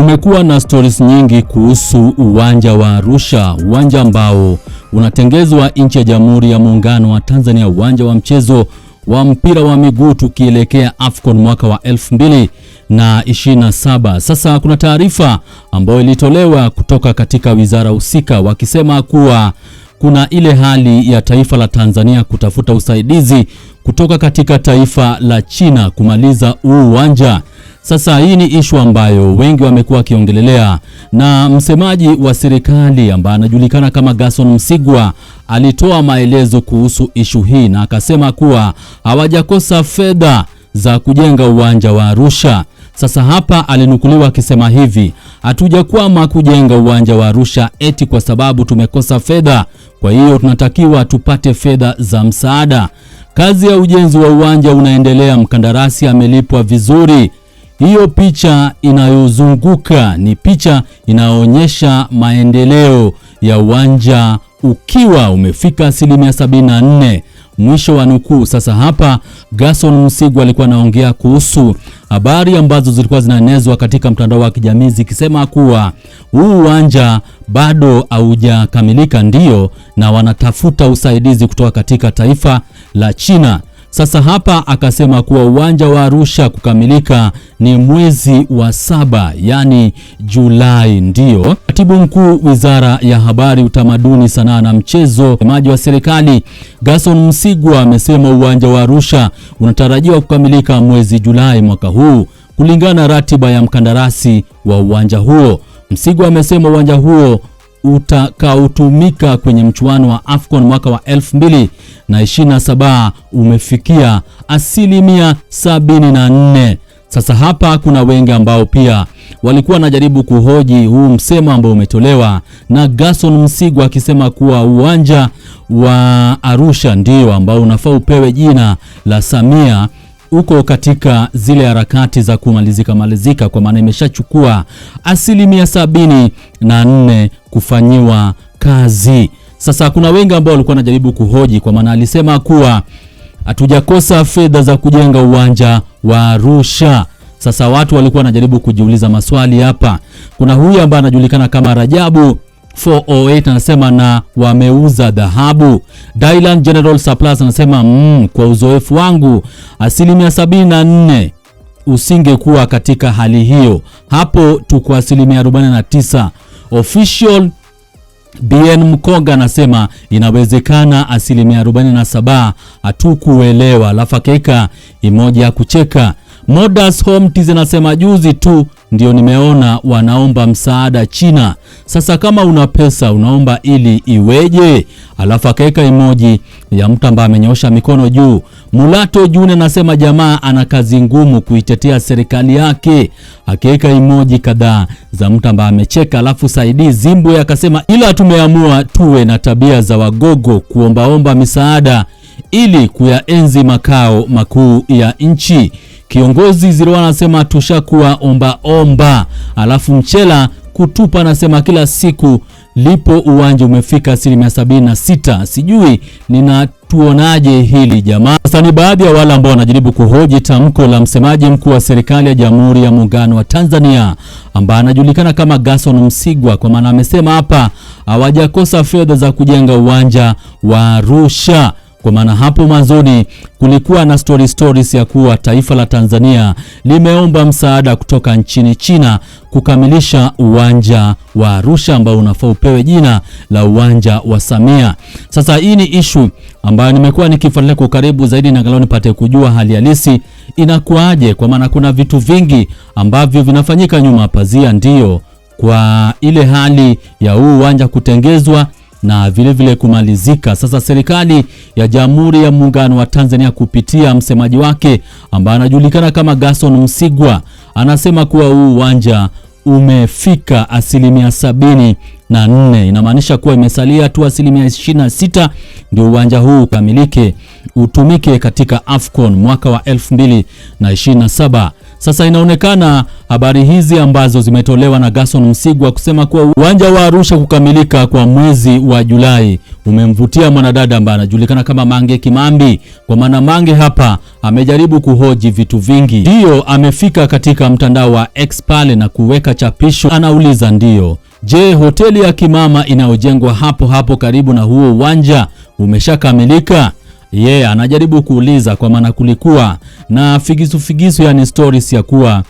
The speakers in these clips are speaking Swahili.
Kumekuwa na stories nyingi kuhusu uwanja wa Arusha, uwanja ambao unatengezwa nchi ya Jamhuri ya Muungano wa Tanzania, uwanja wa mchezo wa mpira wa miguu tukielekea AFCON mwaka wa 2027. Sasa kuna taarifa ambayo ilitolewa kutoka katika wizara husika wakisema kuwa kuna ile hali ya taifa la Tanzania kutafuta usaidizi kutoka katika taifa la China kumaliza huu uwanja sasa hii ni ishu ambayo wengi wamekuwa wakiongelelea, na msemaji wa serikali ambaye anajulikana kama Gerson Msigwa alitoa maelezo kuhusu ishu hii na akasema kuwa hawajakosa fedha za kujenga uwanja wa Arusha. Sasa hapa alinukuliwa akisema hivi, hatujakwama kujenga uwanja wa Arusha eti kwa sababu tumekosa fedha, kwa hiyo tunatakiwa tupate fedha za msaada. Kazi ya ujenzi wa uwanja unaendelea, mkandarasi amelipwa vizuri hiyo picha inayozunguka ni picha inayoonyesha maendeleo ya uwanja ukiwa umefika asilimia 74. Mwisho wa nukuu. Sasa hapa Gerson Msigwa alikuwa anaongea kuhusu habari ambazo zilikuwa zinaenezwa katika mtandao wa kijamii zikisema kuwa huu uwanja bado haujakamilika, ndio na wanatafuta usaidizi kutoka katika taifa la China. Sasa hapa akasema kuwa uwanja wa Arusha kukamilika ni mwezi wa saba, yaani Julai. Ndiyo katibu mkuu wizara ya habari, utamaduni, sanaa na mchezo, msemaji wa serikali Gaston Msigwa amesema uwanja wa Arusha unatarajiwa kukamilika mwezi Julai mwaka huu kulingana na ratiba ya mkandarasi wa uwanja huo. Msigwa amesema uwanja huo utakaotumika kwenye mchuano wa AFCON mwaka wa 2027 umefikia asilimia 74. Sasa hapa kuna wengi ambao pia walikuwa wanajaribu kuhoji huu msemo ambao umetolewa na Gerson Msigwa akisema kuwa uwanja wa Arusha ndio ambao unafaa upewe jina la Samia uko katika zile harakati za kumalizika malizika, kwa maana imeshachukua asilimia sabini na nne kufanyiwa kazi. Sasa kuna wengi ambao walikuwa wanajaribu kuhoji, kwa maana alisema kuwa hatujakosa fedha za kujenga uwanja wa Arusha. Sasa watu walikuwa wanajaribu kujiuliza maswali hapa. Kuna huyu ambaye anajulikana kama Rajabu 408 anasema na wameuza dhahabu. Dylan General Supplies anasema mm, kwa uzoefu wangu asilimia 74 usingekuwa katika hali hiyo, hapo tuko asilimia 49. Official BN Mkoga anasema inawezekana asilimia 47, hatukuelewa. Alafu akaeka imoja ya kucheka. Modest Home zinasema juzi tu ndio nimeona wanaomba msaada China. Sasa kama una pesa unaomba ili iweje? Alafu akaweka emoji ya mtu ambaye amenyoosha mikono juu. Mulato June anasema jamaa ana kazi ngumu kuitetea serikali yake, akiweka emoji kadhaa za mtu ambaye amecheka. Alafu Saidi Zimbwe akasema ila tumeamua tuwe na tabia za wagogo kuombaomba misaada ili kuyaenzi makao makuu ya nchi. Kiongozi Zirwa anasema tushakuwa omba omba, alafu mchela kutupa anasema kila siku lipo uwanja umefika asilimia sabini na sita. Sijui ninatuonaje hili jamaa. Sasa ni baadhi ya wale ambao wanajaribu kuhoji tamko la msemaji mkuu wa serikali ya Jamhuri ya Muungano wa Tanzania ambaye anajulikana kama gason Msigwa, kwa maana amesema hapa hawajakosa fedha za kujenga uwanja wa Arusha. Kwa maana hapo mwanzoni kulikuwa na story stories ya kuwa taifa la Tanzania limeomba msaada kutoka nchini China kukamilisha uwanja wa Arusha ambao unafaa upewe jina la uwanja wa Samia. Sasa hii ni issue ambayo nimekuwa nikifuatilia kwa karibu zaidi na angalau nipate kujua hali halisi inakuwaje, kwa maana kuna vitu vingi ambavyo vinafanyika nyuma pazia, ndiyo kwa ile hali ya huu uwanja kutengezwa na vilevile vile kumalizika. Sasa serikali ya Jamhuri ya Muungano wa Tanzania kupitia msemaji wake ambaye anajulikana kama Gaston Msigwa anasema kuwa huu uwanja umefika asilimia sabini na nne. Inamaanisha kuwa imesalia tu asilimia 26 ndio uwanja huu ukamilike utumike katika AFCON mwaka wa 2027. Sasa inaonekana habari hizi ambazo zimetolewa na Gerson Msigwa kusema kuwa uwanja wa Arusha kukamilika kwa mwezi wa Julai umemvutia mwanadada ambaye anajulikana kama Mange Kimambi, kwa maana Mange hapa amejaribu kuhoji vitu vingi. Ndiyo amefika katika mtandao wa X pale na kuweka chapisho, anauliza ndiyo, je, hoteli ya kimama inayojengwa hapo hapo karibu na huo uwanja umeshakamilika? yeye yeah, anajaribu kuuliza kwa maana kulikuwa na figisu figisu, yani stories ya kuwa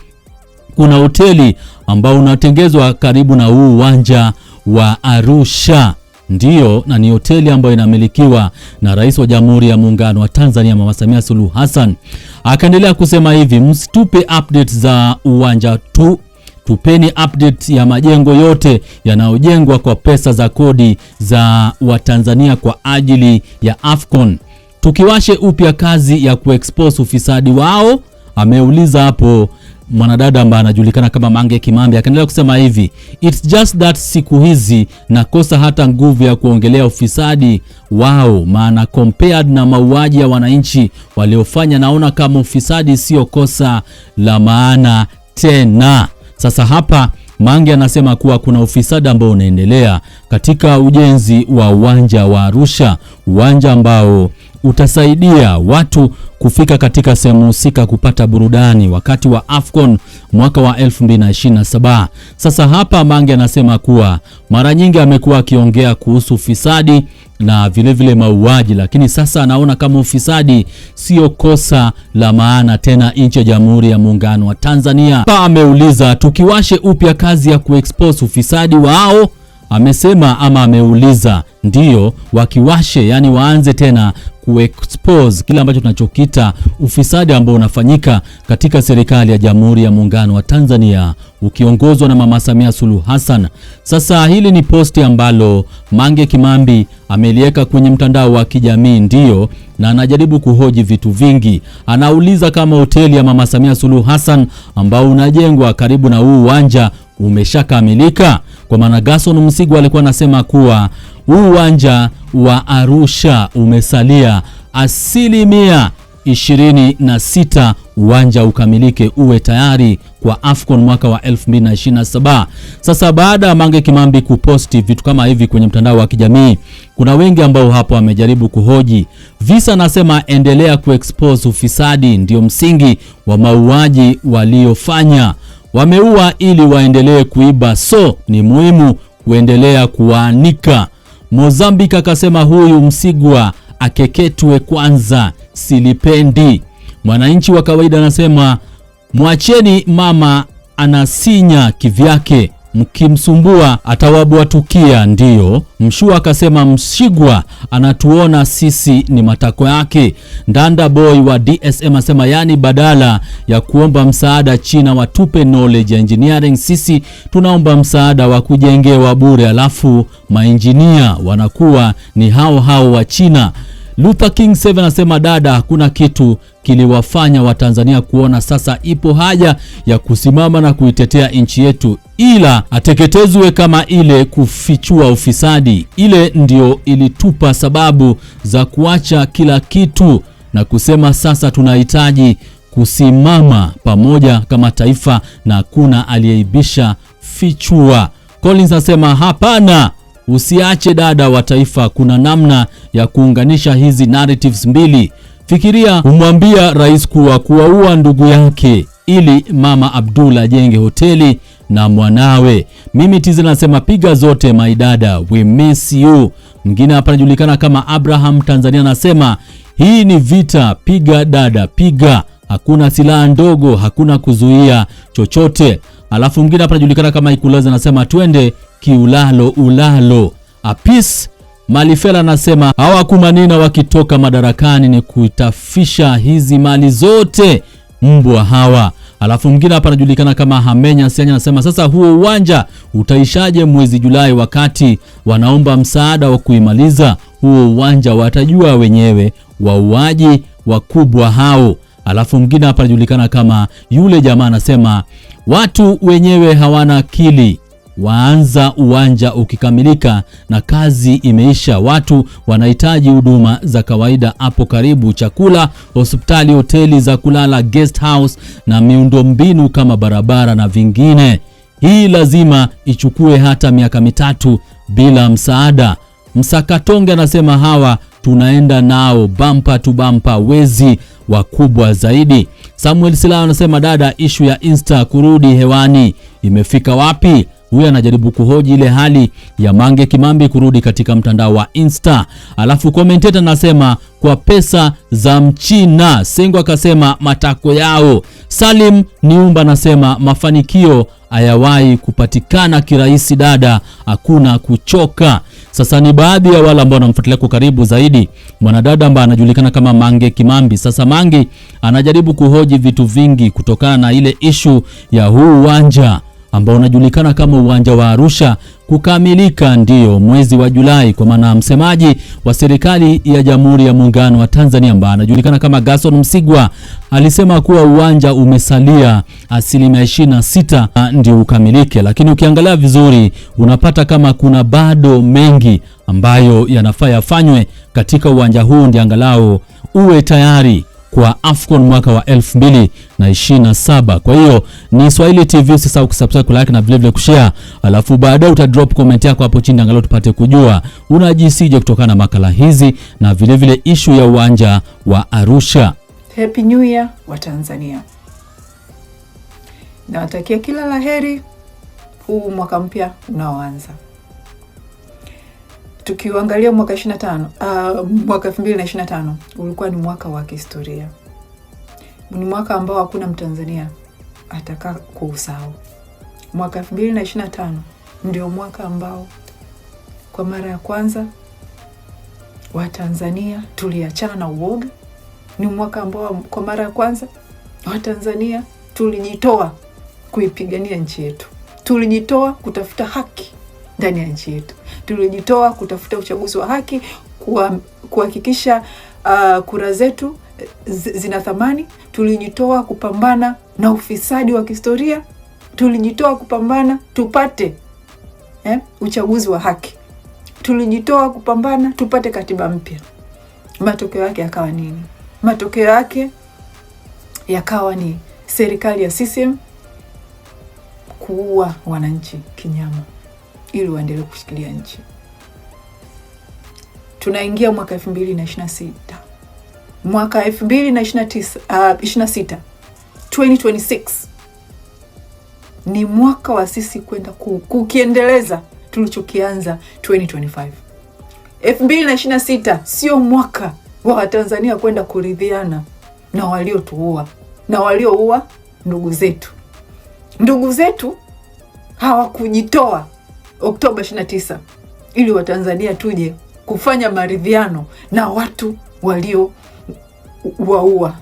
kuna hoteli ambao unatengezwa karibu na huu uwanja wa Arusha ndiyo na ni hoteli ambayo inamilikiwa na Rais wa Jamhuri ya Muungano wa Tanzania Mama Samia Suluhu Hassan. Akaendelea kusema hivi, msitupe update za uwanja tu, tupeni update ya majengo yote yanayojengwa kwa pesa za kodi za Watanzania kwa ajili ya Afcon tukiwashe upya kazi ya kuexpose ufisadi wao, ameuliza hapo mwanadada ambaye anajulikana kama Mange Kimambi. Akaendelea kusema hivi, it's just that siku hizi nakosa hata nguvu ya kuongelea ufisadi wao, maana compared na mauaji ya wananchi waliofanya, naona kama ufisadi sio kosa la maana tena. Sasa hapa Mange anasema kuwa kuna ufisadi ambao unaendelea katika ujenzi wa uwanja wa Arusha, uwanja ambao utasaidia watu kufika katika sehemu husika kupata burudani wakati wa AFCON mwaka wa 2027. Sasa hapa Mange anasema kuwa mara nyingi amekuwa akiongea kuhusu ufisadi na vilevile mauaji, lakini sasa anaona kama ufisadi sio kosa la maana tena nchi ya Jamhuri ya Muungano wa Tanzania. Pa ameuliza tukiwashe upya kazi ya kuexpose ufisadi wao amesema ama ameuliza, ndiyo wakiwashe, yani waanze tena kuexpose kile ambacho tunachokita ufisadi ambao unafanyika katika serikali ya Jamhuri ya Muungano wa Tanzania ukiongozwa na Mama Samia Suluhu Hassan. Sasa hili ni posti ambalo Mange Kimambi ameliweka kwenye mtandao wa kijamii ndio na anajaribu kuhoji vitu vingi. Anauliza kama hoteli ya Mama Samia Suluhu Hassan ambao unajengwa karibu na huu uwanja umeshakamilika. Kwa maana Gerson Msigwa alikuwa anasema kuwa uwanja wa Arusha umesalia asilimia 26 uwanja ukamilike uwe tayari kwa AFCON mwaka wa 2027. Sasa baada ya Mange Kimambi kuposti vitu kama hivi kwenye mtandao wa kijamii, kuna wengi ambao hapo wamejaribu kuhoji visa, nasema endelea kuexpose ufisadi ndio msingi wa mauaji waliofanya wameua ili waendelee kuiba, so ni muhimu kuendelea kuwaanika. Mozambique akasema huyu Msigwa akeketwe kwanza, silipendi. Mwananchi wa kawaida anasema mwacheni mama anasinya kivyake mkimsumbua atawabwatukia. Ndiyo, Mshua akasema Mshigwa anatuona sisi ni matako yake. Ndanda boy wa DSM asema yani, badala ya kuomba msaada China watupe knowledge engineering, sisi tunaomba msaada wa kujengewa bure, alafu mainjinia wanakuwa ni hao hao wa China. Luther King 7 anasema dada, kuna kitu kiliwafanya Watanzania kuona sasa ipo haja ya kusimama na kuitetea nchi yetu, ila ateketezwe kama ile kufichua ufisadi. Ile ndio ilitupa sababu za kuacha kila kitu na kusema sasa tunahitaji kusimama pamoja kama taifa na hakuna aliyeibisha fichua. Collins anasema hapana, Usiache dada wa taifa, kuna namna ya kuunganisha hizi narratives mbili. Fikiria humwambia rais kuwa kuwaua ndugu yake ili mama Abdullah ajenge hoteli na mwanawe. Mimi tizi nasema piga zote my dada, we miss you. Mwingine hapa anajulikana kama Abraham Tanzania anasema hii ni vita, piga dada, piga. Hakuna silaha ndogo, hakuna kuzuia chochote. Alafu mwingine hapa anajulikana kama Ikulaza anasema twende kiulalo ulalo. Apis Malifela anasema hawakumanina wakitoka madarakani ni kutafisha hizi mali zote mbwa hawa. Alafu mwingine hapa anajulikana kama Hamenya Sianya anasema sasa huo uwanja utaishaje mwezi Julai wakati wanaomba msaada wa kuimaliza huo uwanja? Watajua wenyewe wauaji wakubwa hao. Alafu mwingine hapa anajulikana kama yule jamaa anasema watu wenyewe hawana akili waanza uwanja ukikamilika na kazi imeisha. Watu wanahitaji huduma za kawaida hapo karibu: chakula, hospitali, hoteli za kulala, guest house na miundombinu kama barabara na vingine. Hii lazima ichukue hata miaka mitatu bila msaada. Msakatonge anasema hawa tunaenda nao bampa tu bampa, wezi wakubwa zaidi. Samuel Silao anasema dada, ishu ya Insta kurudi hewani imefika wapi? Huyu anajaribu kuhoji ile hali ya Mange Kimambi kurudi katika mtandao wa Insta, alafu commentator anasema kwa pesa za Mchina. Sengo akasema matako yao. Salim Niumba anasema mafanikio hayawahi kupatikana kirahisi, dada, hakuna kuchoka. Sasa ni baadhi ya wale ambao wanamfuatilia kwa karibu zaidi, mwanadada ambaye anajulikana kama Mange Kimambi. Sasa Mange anajaribu kuhoji vitu vingi kutokana na ile ishu ya huu uwanja ambao unajulikana kama uwanja wa Arusha kukamilika ndiyo mwezi wa Julai, kwa maana msemaji wa serikali ya Jamhuri ya Muungano wa Tanzania ambaye anajulikana kama gason Msigwa alisema kuwa uwanja umesalia asilimia 26 ndio ukamilike, lakini ukiangalia vizuri unapata kama kuna bado mengi ambayo yanafaa yafanywe katika uwanja huu ndio angalau uwe tayari kwa AFCON mwaka wa 2027. Kwa hiyo ni Swahili TV, usisahau kusubscribe, like na vilevile kushare, alafu baadaye drop comment yako hapo chini, angalau tupate kujua unajisije kutokana na makala hizi na vilevile ishu ya uwanja wa Arusha. Happy New Year wa Tanzania, nawatakia kila laheri huu mwaka mpya unaoanza tukiuangalia mwaka 25 uh, ah, mwaka 2025 ulikuwa ni mwaka wa kihistoria, ni mwaka ambao hakuna Mtanzania atakaa kuusahau. Mwaka 2025 ndio mwaka ambao kwa mara ya kwanza Watanzania tuliachana na uoga. Ni mwaka ambao kwa mara ya kwanza Watanzania tulijitoa kuipigania nchi yetu, tulijitoa kutafuta haki ndani ya nchi yetu. Tulijitoa kutafuta uchaguzi wa haki, kuhakikisha uh, kura zetu eh, zina thamani. Tulijitoa kupambana na ufisadi wa kihistoria, tulijitoa kupambana tupate eh, uchaguzi wa haki, tulijitoa kupambana tupate katiba mpya. Matokeo yake yakawa nini? Matokeo yake yakawa ni serikali ya CCM kuua wananchi kinyama ili waendelee kushikilia nchi. Tunaingia mwaka 2026. Mwaka 2029, uh, 26. 2026 ni mwaka wa sisi kwenda kukiendeleza tulichokianza 2025. 2026 sio mwaka wa Watanzania kwenda kuridhiana na waliotuua na walioua ndugu zetu. Ndugu zetu hawakujitoa Oktoba 29 ili Watanzania tuje kufanya maridhiano na watu walio waua.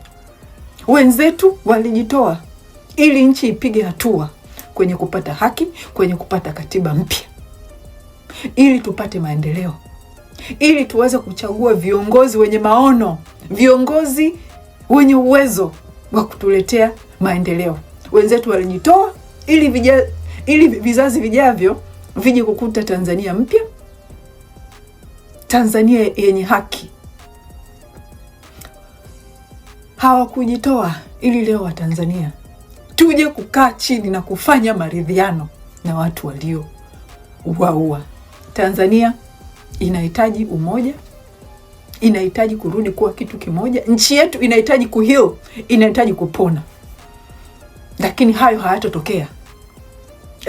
Wenzetu walijitoa ili nchi ipige hatua kwenye kupata haki, kwenye kupata katiba mpya, ili tupate maendeleo, ili tuweze kuchagua viongozi wenye maono, viongozi wenye uwezo wa kutuletea maendeleo. Wenzetu walijitoa ili, vija, ili vizazi vijavyo vije kukuta Tanzania mpya, Tanzania yenye haki. Hawakujitoa ili leo Watanzania tuje kukaa chini na kufanya maridhiano na watu walio waua. Tanzania inahitaji umoja, inahitaji kurudi kuwa kitu kimoja. Nchi yetu inahitaji kuhio inahitaji kupona, lakini hayo hayatotokea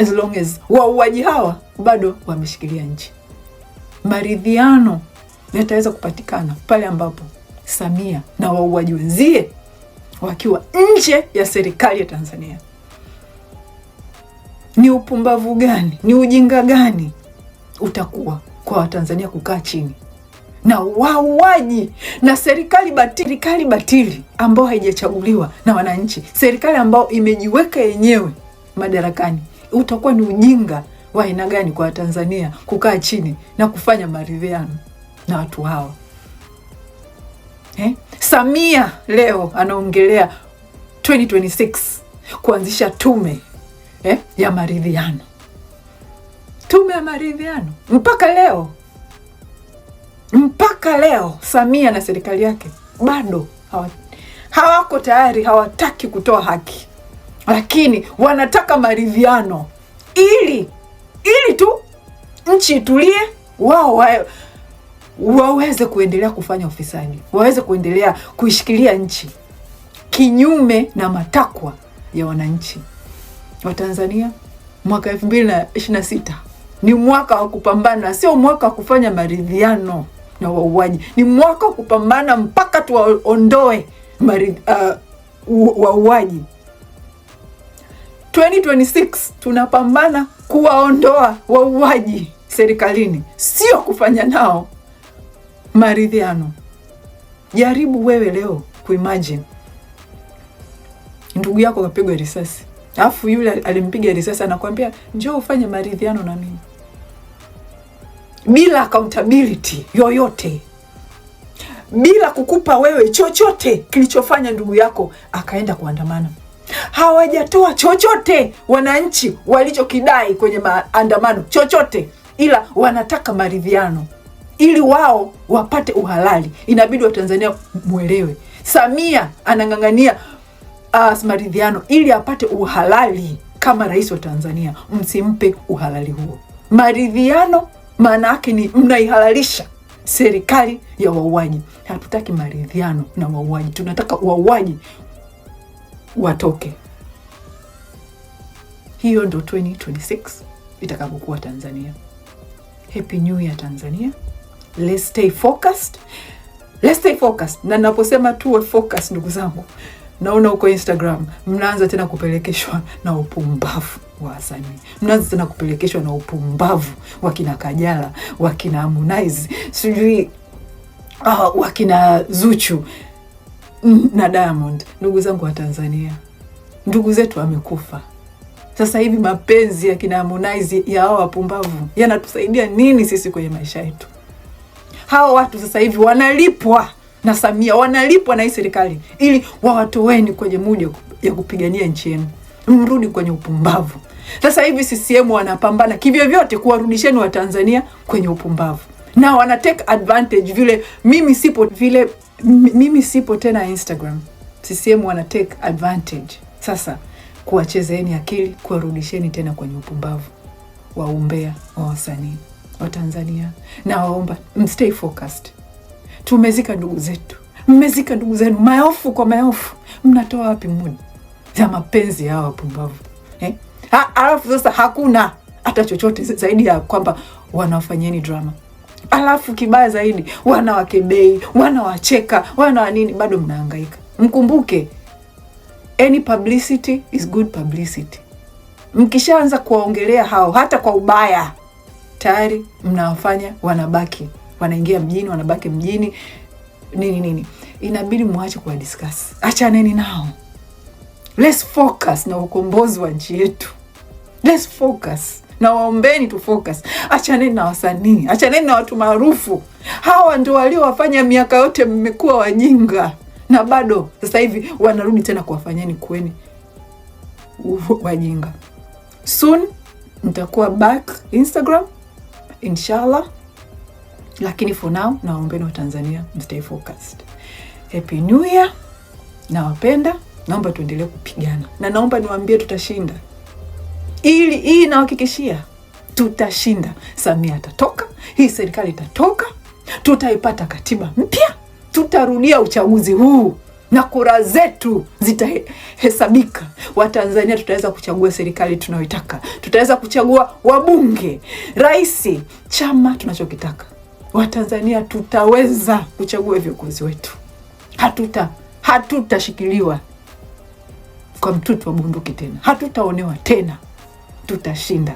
as long as wauaji hawa bado wameshikilia nchi. Maridhiano yataweza kupatikana pale ambapo Samia na wauaji wenzie wakiwa nje ya serikali ya Tanzania. Ni upumbavu gani? Ni ujinga gani utakuwa kwa Watanzania kukaa chini na wauaji na serikali batili, serikali batili ambayo haijachaguliwa na wananchi, serikali ambayo imejiweka yenyewe madarakani utakuwa ni ujinga wa aina gani kwa Watanzania kukaa chini na kufanya maridhiano na watu hawa eh? Samia leo anaongelea 2026 kuanzisha tume eh, ya maridhiano, tume ya maridhiano. Mpaka leo mpaka leo Samia na serikali yake bado hawa, hawako tayari, hawataki kutoa haki lakini wanataka maridhiano ili ili tu nchi itulie, wao wa, waweze kuendelea kufanya ufisadi, waweze kuendelea kuishikilia nchi kinyume na matakwa ya wananchi wa Tanzania. Mwaka elfu mbili na ishirini na sita ni mwaka wa kupambana, sio mwaka wa kufanya maridhiano na wauaji. Ni mwaka wa kupambana mpaka tuwaondoe uh, wauaji. 2026 tunapambana kuwaondoa wauaji serikalini, sio kufanya nao maridhiano. Jaribu wewe leo kuimagine ndugu yako kapigwa risasi, alafu yule alimpiga risasi anakuambia njoo ufanye maridhiano na mimi, bila accountability yoyote, bila kukupa wewe chochote kilichofanya ndugu yako akaenda kuandamana hawajatoa chochote wananchi walichokidai kwenye maandamano chochote, ila wanataka maridhiano ili wao wapate uhalali. Inabidi Watanzania mwelewe, Samia anang'ang'ania uh, maridhiano ili apate uhalali kama rais wa Tanzania. Msimpe uhalali huo. Maridhiano maana yake ni mnaihalalisha serikali ya wauaji. Hatutaki maridhiano na wauaji, tunataka wauaji watoke. Hiyo ndo 2026 itakapokuwa Tanzania. Happy New Year Tanzania. Let's stay focused. Let's stay focused. Na naposema tuwe focused, ndugu zangu, naona huko Instagram mnaanza tena kupelekeshwa na upumbavu wa wasanii, mnaanza tena kupelekeshwa na upumbavu wakina Kajala, wakina Harmonize, sijui uh, ah, wakina Zuchu. Mm-hmm. na Diamond. Ndugu zangu wa Tanzania, ndugu zetu amekufa. Sasa hivi mapenzi ya kina Harmonize ya hao wapumbavu yanatusaidia nini sisi kwenye maisha yetu? Hawa watu sasa hivi wanalipwa na Samia, wanalipwa na hii serikali ili wawatoweni kwenye muja ya kupigania nchi yenu, mrudi kwenye upumbavu. Sasa hivi CCM wanapambana kivyo vyote kuwarudisheni Watanzania kwenye upumbavu na wana take advantage vile mimi sipo, vile mimi sipo tena Instagram. CCM wana take advantage sasa kuwachezeeni akili, kuwarudisheni tena kwenye upumbavu wa umbea wa wasanii wa Tanzania, na waomba mstay focused. Tumezika ndugu zetu, mmezika ndugu zenu maelfu kwa maelfu, mnatoa wapi mudi za mapenzi ya wapumbavu eh? Alafu sasa hakuna hata chochote zaidi ya kwamba wanafanyeni drama alafu kibaya zaidi wana wakebei wana wacheka wana wanini bado mnahangaika. Mkumbuke any publicity is good publicity. Mkishaanza kuwaongelea hao hata kwa ubaya, tayari mnawafanya wanabaki, wanaingia mjini, wanabaki mjini nini nini, inabidi mwache kuwa discuss. Achaneni nao, let's focus na ukombozi wa nchi yetu, let's focus na waombeni tu focus. Achaneni na wasanii, achaneni na watu maarufu. Hawa ndio waliowafanya miaka yote mmekuwa wajinga, na bado sasa hivi wanarudi tena kuwafanyeni kweni wajinga. Soon nitakuwa back Instagram inshallah, lakini for now na waombeni wa Tanzania mstay focused. Happy New Year, nawapenda. Naomba tuendelee kupigana na naomba niwaambie tutashinda ili hii inahakikishia tutashinda. Samia atatoka, hii serikali itatoka, tutaipata katiba mpya, tutarudia uchaguzi huu na kura zetu zitahesabika. Watanzania tutaweza kuchagua serikali tunayoitaka, tutaweza kuchagua wabunge, rais, chama tunachokitaka. Watanzania tutaweza kuchagua viongozi wetu, hatuta hatutashikiliwa kwa mtutu wa bunduki tena, hatutaonewa tena tutashinda.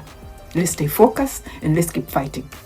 Let's stay focused and let's keep fighting.